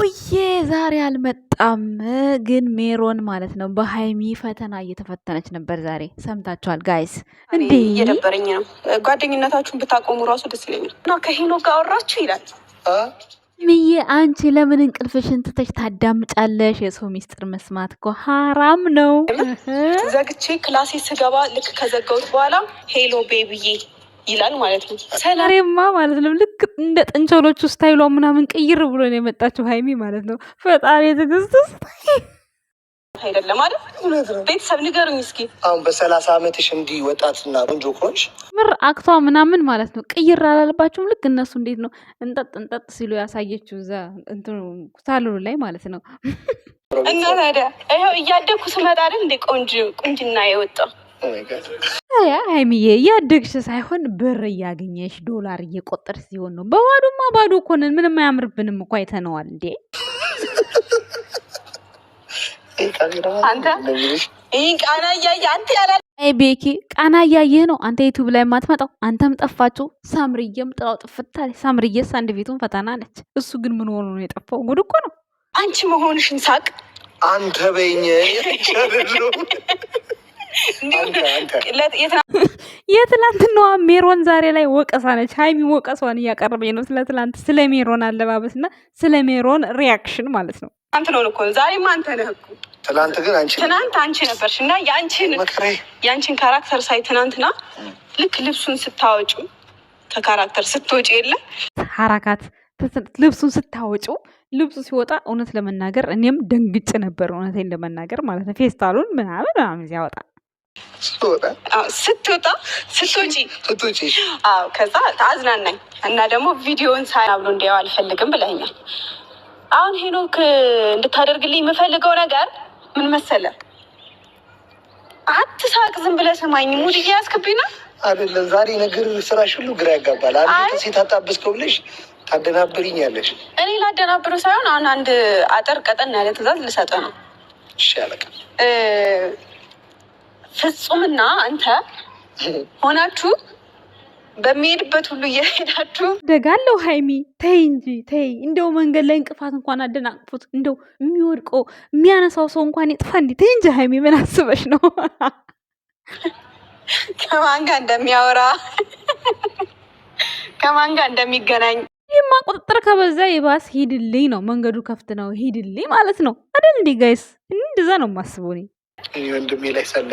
ውዬ ዛሬ አልመጣም፣ ግን ሜሮን ማለት ነው በሀይሚ ፈተና እየተፈተነች ነበር ዛሬ። ሰምታችኋል ጋይስ? እንዴ እየደበረኝ ነው። ጓደኝነታችሁን ብታቆሙ ራሱ ደስ ይለኛል። እና ከሄኖ ጋር አወራችሁ ይላል ምዬ አንቺ ለምን እንቅልፍሽን ትተሽ ታዳምጫለሽ? የሰው ሚስጥር መስማት እኮ ሀራም ነው። ዘግቼ ክላሴ ስገባ ልክ ከዘጋሁት በኋላ ሄሎ ቤቢዬ ይላል ማለት ነው። ሰላሬማ ማለት ነው። ልክ እንደ ጥንቸሎቹ ስታይሏ ምናምን ቅይር ብሎ ነው የመጣችው ሀይሚ ማለት ነው። ፈጣሪ ትግስት አይደለም ማለት ቤተሰብ ንገሩኝ እስኪ አሁን በሰላሳ ዓመትሽ እንዲህ ወጣትና ቆንጆ ኮንሽ ምር አክቷ ምናምን ማለት ነው ቅይር አላለባችሁም? ልክ እነሱ እንዴት ነው እንጠጥ እንጠጥ ሲሉ ያሳየችው እዛ እንትኑ ሳልሉ ላይ ማለት ነው። እና ታዲያ ይኸው እያደግኩ ስመጣ አይደል እንደ ቆንጆ ቁንጅና የወጣው ሀይሚዬ እያደግሽ ሳይሆን ብር እያገኘሽ ዶላር እየቆጠር ሲሆን ነው። በባዶማ ባዶ እኮ ነን። ምንም አያምርብንም እኮ አይተነዋል። እንዴ ቤኪ ቃና እያየህ ነው አንተ ዩቱብ ላይ የማትመጣው አንተም ጠፋችሁ። ሳምርዬም ጥላው ጥፍታል። ሳምርዬስ አንድ ቤቱን ፈተና ነች። እሱ ግን ምን ሆኖ ነው የጠፋው? ጉድ እኮ ነው። አንቺ መሆንሽን ሳቅ አንተ በይኝ የትላንትናዋ ሜሮን ዛሬ ላይ ወቀሳ ነች። ሀይሚ ወቀሷን እያቀረበኝ ነው። ስለ ትላንት ስለ ሜሮን አለባበስ እና ስለ ሜሮን ሪያክሽን ማለት ነው። አንተ ነው እኮ ዛሬ ማንተ ነህ እኮ። ትናንት ግን አንቺ ትናንት አንቺ ነበርሽ እና የአንቺን የአንቺን ካራክተር ሳይ ትናንትና ልክ ልብሱን ስታወጩ ከካራክተር ስትወጪ የለ ሀራካት ልብሱን ስታወጩ ልብሱ ሲወጣ እውነት ለመናገር እኔም ደንግጭ ነበር። እውነቴን ለመናገር ማለት ነው ፌስታሉን ምናምን ምናምን ሲያወጣ ስትወጣ ስትወጣ ስትወጪ ስትወጪ አዎ፣ ከዛ አዝናናኝ እና ደግሞ ቪዲዮን ሳናብሎ እንዲያው አልፈልግም ብለኛል። አሁን ሄኖክ እንድታደርግልኝ የምፈልገው ነገር ምን መሰለ? አትሳቅ፣ ዝም ብለህ ስማኝ። ሙድ እያያዝክብኝ ነው አይደለም? ዛሬ ነገር ስራሽ ሁሉ ግራ ያጋባል። አንድ ሴት አጣብስከው ብለሽ ታደናብሪኛለሽ። እኔ ላደናብሩ ሳይሆን አሁን አንድ አጠር ቀጠን ያለ ትእዛዝ ልሰጠ ነው። እሺ ፍጹምና አንተ ሆናችሁ በሚሄድበት ሁሉ እየሄዳችሁ ደጋለው። ሀይሚ ተይ እንጂ ተይ። እንደው መንገድ ላይ እንቅፋት እንኳን አደናቅፉት። እንደው የሚወድቀው የሚያነሳው ሰው እንኳን ይጥፋ። እንዲ ተይ እንጂ ሀይሚ፣ ምን አስበሽ ነው? ከማን ጋር እንደሚያወራ ከማን ጋር እንደሚገናኝ ይህማ ቁጥጥር ከበዛ የባስ ሂድልኝ ነው። መንገዱ ከፍት ነው፣ ሂድልኝ ማለት ነው አይደል? እንዲ ጋይስ፣ እንደዛ ነው የማስበው እኔ። ወንድሜ ላይ ሰላ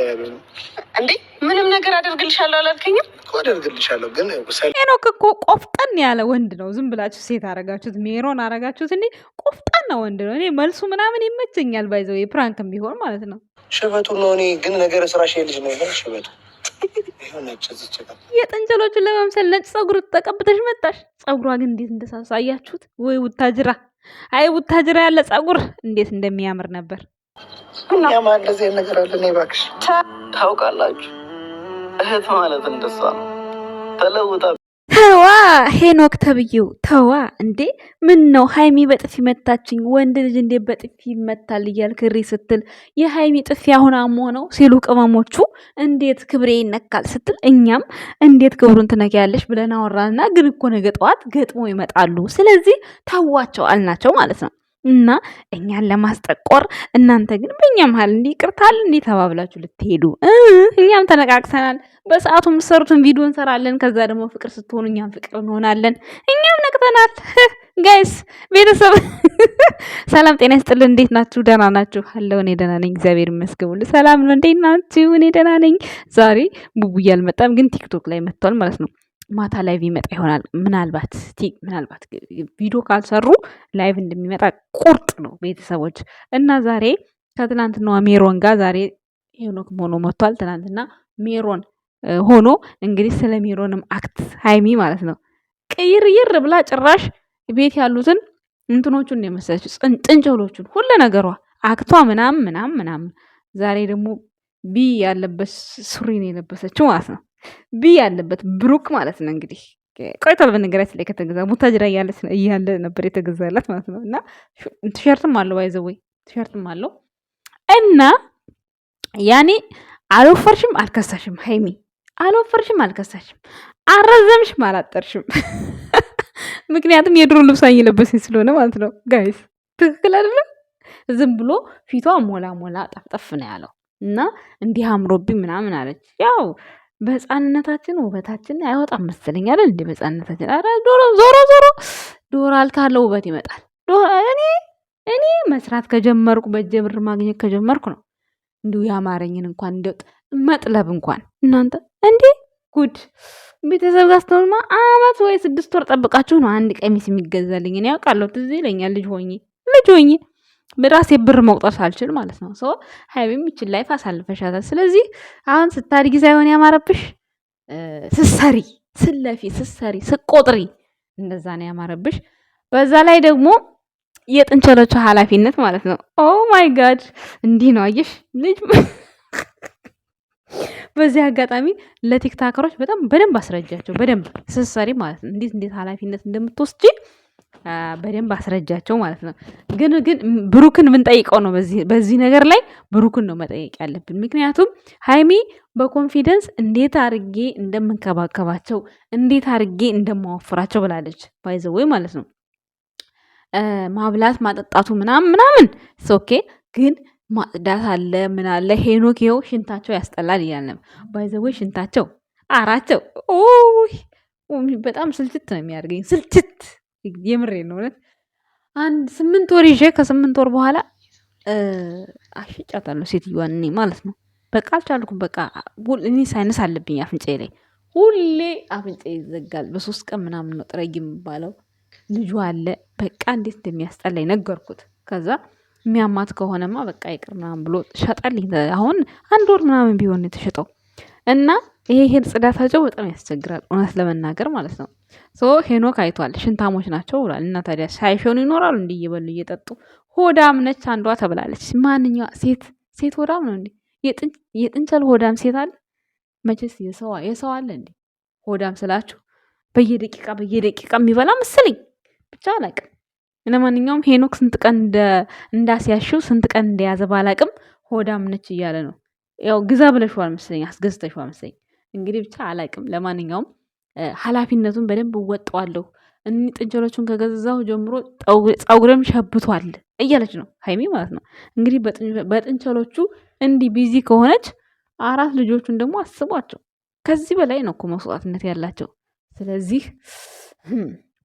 እንዴ ምንም ነገር አደርግልሻለሁ አላልከኝም? አደርግልሻለሁ ግን ሄኖክ እኮ ቆፍጠን ያለ ወንድ ነው። ዝም ብላችሁ ሴት አረጋችሁት፣ ሜሮን አረጋችሁት። እንዴ ቆፍጠን ወንድ ነው። እኔ መልሱ ምናምን ይመቸኛል። ባይዘው የፕራንክ ቢሆን ማለት ነው። ሸበጡ ነው። እኔ ግን ነገር ስራሽ ልጅ ነው ይሆን ሸበጡ የጥንቸሎቹን ለመምሰል ነጭ ፀጉር ተቀብተሽ መጣሽ። ፀጉሯ ግን እንዴት እንደሳሳያችሁት ወይ! ውታጅራ አይ፣ ውታጅራ ያለ ፀጉር እንዴት እንደሚያምር ነበር። እኛማ እንደዚህ ነገር አለ። እኔ እባክሽ ታውቃላችሁ፣ እህት ማለት እንደሷ ነው ተለውጣ ተዋ ሄኖክ ተብዬው ተዋ እንዴ! ምን ነው ሀይሚ በጥፊ መታችኝ፣ ወንድ ልጅ እንዴ በጥፊ ይመታል እያል ክሪ ስትል የሀይሚ ጥፊ አሁን አሞ ነው ሲሉ ቅመሞቹ እንዴት ክብሬ ይነካል ስትል እኛም እንዴት ክብሩን ትነኪያለሽ ብለን አወራንና ግን እኮ ነገ ጠዋት ገጥሞ ይመጣሉ። ስለዚህ ታዋቸው አልናቸው ማለት ነው። እና እኛን ለማስጠቆር እናንተ ግን በእኛ መሀል እንዲህ ይቅርታል እንዲህ ተባብላችሁ ልትሄዱ እኛም ተነቃቅሰናል። በሰዓቱ የምትሰሩትን ቪዲዮ እንሰራለን። ከዛ ደግሞ ፍቅር ስትሆኑ እኛም ፍቅር እንሆናለን። እኛም ነቅተናል። ጋይስ ቤተሰብ ሰላም ጤና ይስጥልን። እንዴት ናችሁ? ደህና ናችሁ? አለው እኔ ደህና ነኝ፣ እግዚአብሔር ይመስገን። ሁሉ ሰላም ነው። እንዴት ናችሁ? እኔ ደህና ነኝ። ዛሬ ቡቡ እያልመጣም ግን ቲክቶክ ላይ መጥቷል ማለት ነው። ማታ ላይቭ ይመጣ ይሆናል። ምናልባት ምናልባት ቪዲዮ ካልሰሩ ላይቭ እንደሚመጣ ቁርጥ ነው ቤተሰቦች። እና ዛሬ ከትናንትናዋ ሜሮን ጋር ዛሬ ሄኖክ ሆኖ መጥቷል። ትናንትና ሜሮን ሆኖ እንግዲህ ስለ ሜሮንም አክት ሀይሚ ማለት ነው ቅይርይር ብላ ጭራሽ ቤት ያሉትን እንትኖቹን የመሰለች ጥንጭሎቹን ሁለ ነገሯ አክቷ ምናም ምናም ምናም ዛሬ ደግሞ ቢ ያለበት ሱሪ የለበሰችው ማለት ነው። ቢ ያለበት ብሩክ ማለት ነው። እንግዲህ ቆይቷል በነገራችን ላይ ከተገዛ ቡታጅራ እያለ ነበር የተገዛላት ማለት ነው። እና ቲሸርትም አለው ባይዘወይ ቲሸርትም አለው እና ያኔ አልወፈርሽም፣ አልከሳሽም ሀይሚ አልወፈርሽም፣ አልከሳሽም፣ አረዘምሽም አላጠርሽም። ምክንያቱም የድሮ ልብሷ እየለበሰኝ ስለሆነ ማለት ነው። ጋይስ ትክክል አይደለም። ዝም ብሎ ፊቷ ሞላ ሞላ ጠፍጠፍ ነው ያለው እና እንዲህ አምሮብኝ ምናምን አለች ያው በህፃንነታችን ውበታችን አይወጣም መሰለኝ አይደል እንዴ? በህፃንነታችን አረ ዶሮ ዞሮ ዞሮ ዶራል ካለው ውበት ይመጣል። እኔ እኔ መስራት ከጀመርኩ በእጄ ብር ማግኘት ከጀመርኩ ነው እንዲሁ ያማረኝን እንኳን እንደ መጥለብ እንኳን እናንተ እንዴ ጉድ ቤተሰብ ጋር ስትሆንማ አመት ወይ ስድስት ወር ጠብቃችሁ ነው አንድ ቀሚስ የሚገዛልኝ። እኔ ያውቃለሁ፣ ትዝ ይለኛል ልጅ ሆኜ ልጅ ሆኜ ራሴ ብር መቁጠር ሳልችል ማለት ነው። ሶ ሀይሚም ይችን ላይፍ አሳልፈሻታል። ስለዚህ አሁን ስታድጊ ሳይሆን ያማረብሽ ስሰሪ፣ ስለፊ፣ ስሰሪ፣ ስቆጥሪ እንደዛ ነው ያማረብሽ። በዛ ላይ ደግሞ የጥንቸሎቹ ኃላፊነት ማለት ነው። ኦ ማይ ጋድ እንዲህ ነው አየሽ ልጅ። በዚህ አጋጣሚ ለቲክታከሮች በጣም በደንብ አስረጃቸው፣ በደንብ ስሰሪ ማለት ነው እንዴት እንዴት ኃላፊነት እንደምትወስጂ በደንብ አስረጃቸው ማለት ነው። ግን ግን ብሩክን የምንጠይቀው ነው በዚህ ነገር ላይ ብሩክን ነው መጠየቅ ያለብን። ምክንያቱም ሀይሚ በኮንፊደንስ እንዴት አርጌ እንደምንከባከባቸው እንዴት አርጌ እንደማወፍራቸው ብላለች። ባይዘወይ ማለት ነው ማብላት ማጠጣቱ ምናምን ምናምን ኦኬ ግን ማጽዳት አለ ምን አለ ሄኖክ ይኸው ሽንታቸው ያስጠላል እያለም ባይዘወይ ሽንታቸው አራቸው በጣም ስልችት ነው የሚያደርገኝ ስልችት የምሬ ነው እውነት አንድ ስምንት ወር ይዤ ከስምንት ወር በኋላ አሸጫታለሁ ሴትዮዋን እኔ ማለት ነው። በቃ አልቻልኩም። በቃ እኔ ሳይነስ አለብኝ አፍንጫ ላይ ሁሌ አፍንጫ ይዘጋል። በሶስት ቀን ምናምን ነው ጥረጊ የሚባለው። ልጁ አለ በቃ እንዴት እንደሚያስጠላኝ ነገርኩት። ከዛ የሚያማት ከሆነማ በቃ ይቅር ምናምን ብሎ ሸጠልኝ። አሁን አንድ ወር ምናምን ቢሆን የተሸጠው እና ይሄ ጽዳታቸው በጣም ያስቸግራል፣ እውነት ለመናገር ማለት ነው። ሶ ሄኖክ አይቷል፣ ሽንታሞች ናቸው ብሏል። እና ታዲያ ሳይሸኑ ይኖራሉ እንዲህ እየበሉ እየጠጡ። ሆዳም ነች አንዷ ተብላለች። ማንኛዋ ሴት ሴት ሆዳም ነው እንዲ የጥንቸል ሆዳም ሴት አለ መቼስ? የሰው አለ እንዲ ሆዳም ስላችሁ? በየደቂቃ በየደቂቃ የሚበላ ምስልኝ ብቻ አላቅም። ለማንኛውም ሄኖክ ስንት ቀን እንዳስያሽው ስንት ቀን እንደያዘ ባላቅም ሆዳም ነች እያለ ነው። ያው ግዛ ብለሽዋል መሰለኝ፣ አስገዝተሽዋል መሰለኝ እንግዲህ ብቻ አላቅም። ለማንኛውም ኃላፊነቱን በደንብ እወጣዋለሁ። እኒ ጥንቸሎቹን ከገዛሁ ጀምሮ ፀጉርም ሸብቷል እያለች ነው ሀይሚ ማለት ነው። እንግዲህ በጥንቸሎቹ እንዲህ ቢዚ ከሆነች አራት ልጆቹን ደግሞ አስቧቸው። ከዚህ በላይ ነው እኮ መስዋዕትነት ያላቸው። ስለዚህ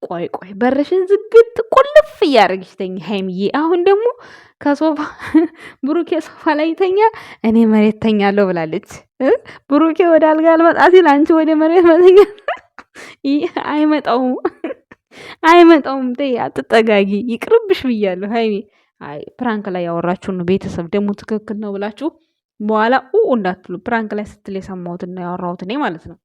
ቆይ ቆይ በረሽን ዝግት ቁልፍ እያደረግሽ ተኝ ሀይሚዬ። አሁን ደግሞ ከሶፋ ብሩኬ ሶፋ ላይ ተኛ፣ እኔ መሬት ተኛለሁ ብላለች። ብሩኬ ወደ አልጋ አልመጣ ሲል አንቺ ወደ መሬት መተኛ አይመጣውም አይመጣውም። ተይ አትጠጋጊ፣ ይቅርብሽ ብያለሁ። ሀይሚ ፕራንክ ላይ ያወራችሁን ነው ቤተሰብ ደግሞ ትክክል ነው ብላችሁ በኋላ ኡ እንዳትሉ። ፕራንክ ላይ ስትል የሰማሁትን ነው ያወራሁት እኔ ማለት ነው።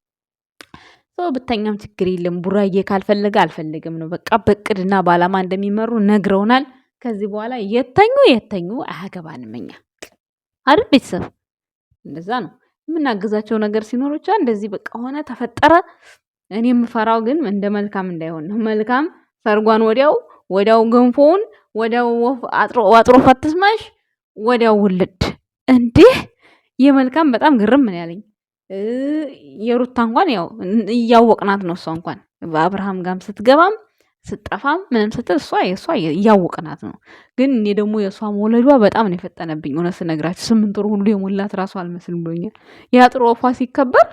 ሰው ብተኛም ችግር የለም። ቡራዬ ካልፈለገ አልፈለግም ነው በቃ። በእቅድና በዓላማ እንደሚመሩ ነግረውናል። ከዚህ በኋላ የተኙ የተኙ አያገባንም እኛ አይደል ቤተሰብ፣ እንደዛ ነው። የምናግዛቸው ነገር ሲኖር ብቻ እንደዚህ በቃ ሆነ ተፈጠረ። እኔ የምፈራው ግን እንደ መልካም እንዳይሆን ነው። መልካም ሰርጓን ወዲያው ወዲያው ገንፎውን ወዲያው አጥሮ ፈትስማሽ ወዲያው ውልድ እንዲህ የመልካም በጣም ግርም ምን ያለኝ የሩታ እንኳን ያው እያወቅናት ነው። እሷ እንኳን በአብርሃም ጋም ስትገባም ስጠፋም ምንም ስትል እሷ የእሷ እያወቅናት ነው። ግን እኔ ደግሞ የእሷ መውለዷ በጣም ነው የፈጠነብኝ። እውነት ስነግራችሁ ስምንት ወር ሁሉ የሞላት ራሱ አልመስልም ብሎኛል። የአጥር ወፏ ሲከበር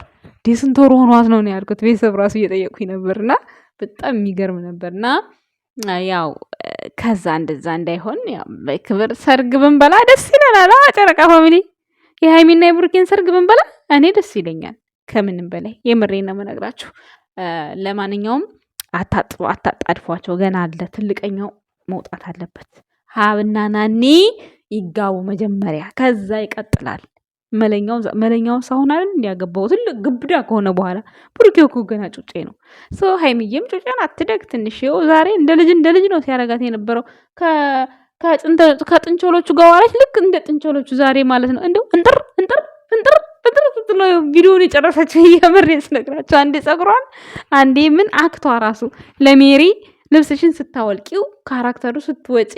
ስንት ወር ሆኗት ነው ያልኩት። ቤተሰብ ራሱ እየጠየቅኩኝ ነበርና በጣም የሚገርም ነበርና ያው ከዛ እንደዛ እንዳይሆን በክብር ሰርግ ብንበላ ደስ ይለናል። ጨረቃ ፋሚሊ የሀይሚና የብሩኬን ሰርግ ብንበላ እኔ ደስ ይለኛል ከምንም በላይ የምሬን ነው የምነግራችሁ። ለማንኛውም አታጣድፏቸው ገና አለ ትልቀኛው መውጣት አለበት። ሀብና ናኒ ይጋቡ መጀመሪያ፣ ከዛ ይቀጥላል። መለኛው ሳሆን ሳሁን እንዲያገባው ትልቅ ግብዳ ከሆነ በኋላ ብሩኬ እኮ ገና ጩጬ ነው። ሶ ሀይሚዬም ጩጬን አትደግ ትንሽ ው ዛሬ እንደ ልጅ እንደ ልጅ ነው ሲያረጋት የነበረው ከጥንቸሎቹ ጋር ዋለች። ልክ እንደ ጥንቸሎቹ ዛሬ ማለት ነው እንደው እንጥር እንጥር እንጥር ነው ቪዲዮን የጨረሰችው። እያመሬን ስነግራቸው አንዴ ጸጉሯን አንዴ ምን አክቷ ራሱ ለሜሪ ልብስሽን ስታወልቂው ካራክተሩ ስትወጪ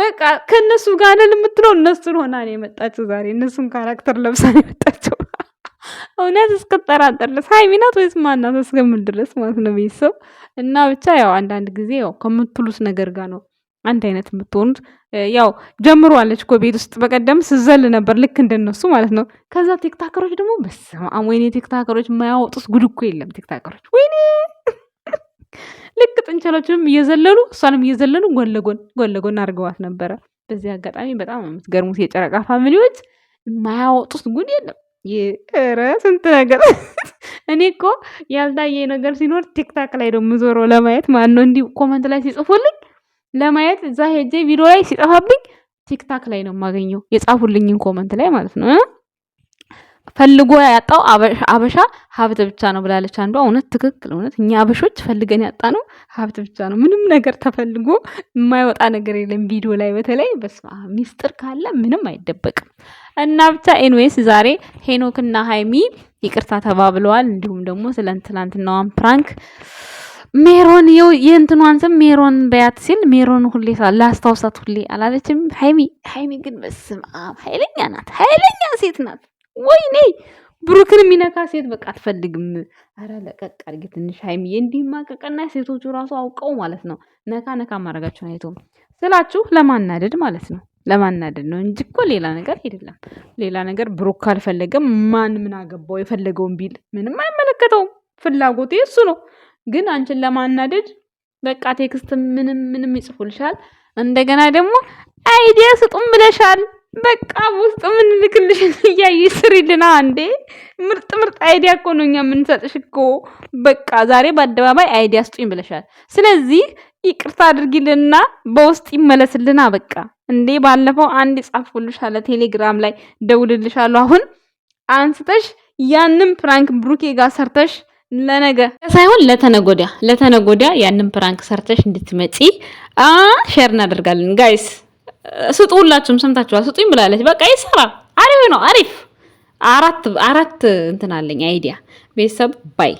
በቃ ከእነሱ ጋር ነን የምትለው እነሱን ሆና ነው የመጣችው። ዛሬ እነሱን ካራክተር ለብሳ ነው የመጣችው። እውነት እስከጠራጠር ድረስ ሀይሚ ወይስ ማናት እስከምል ድረስ ማለት ነው ቤተሰብ እና ብቻ ያው አንዳንድ ጊዜ ያው ከምትሉት ነገር ጋር ነው አንድ አይነት የምትሆኑት ያው ጀምሯለች እኮ ቤት ውስጥ በቀደም ስዘል ነበር፣ ልክ እንደነሱ ማለት ነው። ከዛ ቲክታከሮች ደግሞ በስመ አብ ወይኔ፣ ቲክታከሮች የማያወጡት ጉድ እኮ የለም። ቲክታከሮች ወይኔ፣ ልክ ጥንቸሎችንም እየዘለሉ እሷንም እየዘለሉ ጎን ለጎን ጎን ለጎን አድርገዋት ነበረ። በዚህ አጋጣሚ በጣም የምትገርሙት የጨረቃ ፋሚሊዎች የማያወጡት ጉድ የለም። ኧረ ስንት ነገር እኔ እኮ ያልታየ ነገር ሲኖር ቲክታክ ላይ ነው ዞሮ ለማየት። ማን ነው እንዲህ ኮመንት ላይ ሲጽፉልኝ ለማየት እዛ ሄጄ ቪዲዮ ላይ ሲጠፋብኝ ቲክታክ ላይ ነው የማገኘው፣ የጻፉልኝን ኮመንት ላይ ማለት ነው። ፈልጎ ያጣው አበሻ ሀብት ብቻ ነው ብላለች አንዷ። እውነት ትክክል፣ እውነት እኛ አበሾች ፈልገን ያጣ ነው ሀብት ብቻ ነው። ምንም ነገር ተፈልጎ የማይወጣ ነገር የለም። ቪዲዮ ላይ በተለይ በስመ አብ ሚስጥር ካለ ምንም አይደበቅም። እና ብቻ ኤንዌስ ዛሬ ሄኖክና ሀይሚ ይቅርታ ተባብለዋል። እንዲሁም ደግሞ ስለ ትናንትናዋን ፕራንክ ሜሮን የእንትኗን ስም ሜሮን በያት ሲል ሜሮን ሁሌ ላስታውሳት ሁሌ አላለችም። ሀይሚ ሀይሚ ግን በስም ሀይለኛ ናት፣ ሀይለኛ ሴት ናት። ወይኔ ብሩክን የሚነካ ሴት በቃ አትፈልግም። አረ ለቀቅ አድርጌ ትንሽ ሀይሚ እንዲህማ ቀቀና ሴቶቹ ራሱ አውቀው ማለት ነው ነካ ነካ ማድረጋቸውን አይቶ ስላችሁ ለማናደድ ማለት ነው ለማናደድ ነው እንጂ እኮ ሌላ ነገር አይደለም። ሌላ ነገር ብሩክ ካልፈለገም ማን ምን አገባው? የፈለገውን ቢል ምንም አይመለከተውም። ፍላጎቴ እሱ ነው። ግን አንቺን ለማናደድ በቃ ቴክስት ምንም ምንም ይጽፉልሻል። እንደገና ደግሞ አይዲያ ስጡም ብለሻል። በቃ ውስጥ ልክልሽ እያየ ስሪልና እንዴ! ምርጥ ምርጥ አይዲያ እኮ ነው እኛ የምንሰጥሽ እኮ። በቃ ዛሬ በአደባባይ አይዲያ ስጡኝ ብለሻል። ስለዚህ ይቅርታ አድርጊልና በውስጥ ይመለስልና በቃ እንዴ! ባለፈው አንድ ጻፍኩልሻለ ቴሌግራም ላይ ደውልልሻለሁ። አሁን አንስተሽ ያንም ፍራንክ ብሩኬ ጋር ሰርተሽ ለነገ ሳይሆን ለተነጎዳ ለተነጎዳ ያንን ፕራንክ ሰርተሽ እንድትመጪ አ ሼር እናደርጋለን። ጋይስ ስጡ፣ ሁላችሁም ሰምታችኋል። ስጡኝ ብላለች። በቃ ይሰራ አሪፍ ነው። አሪፍ አራት አራት እንትን አለኝ አይዲያ ቤተሰብ ባይ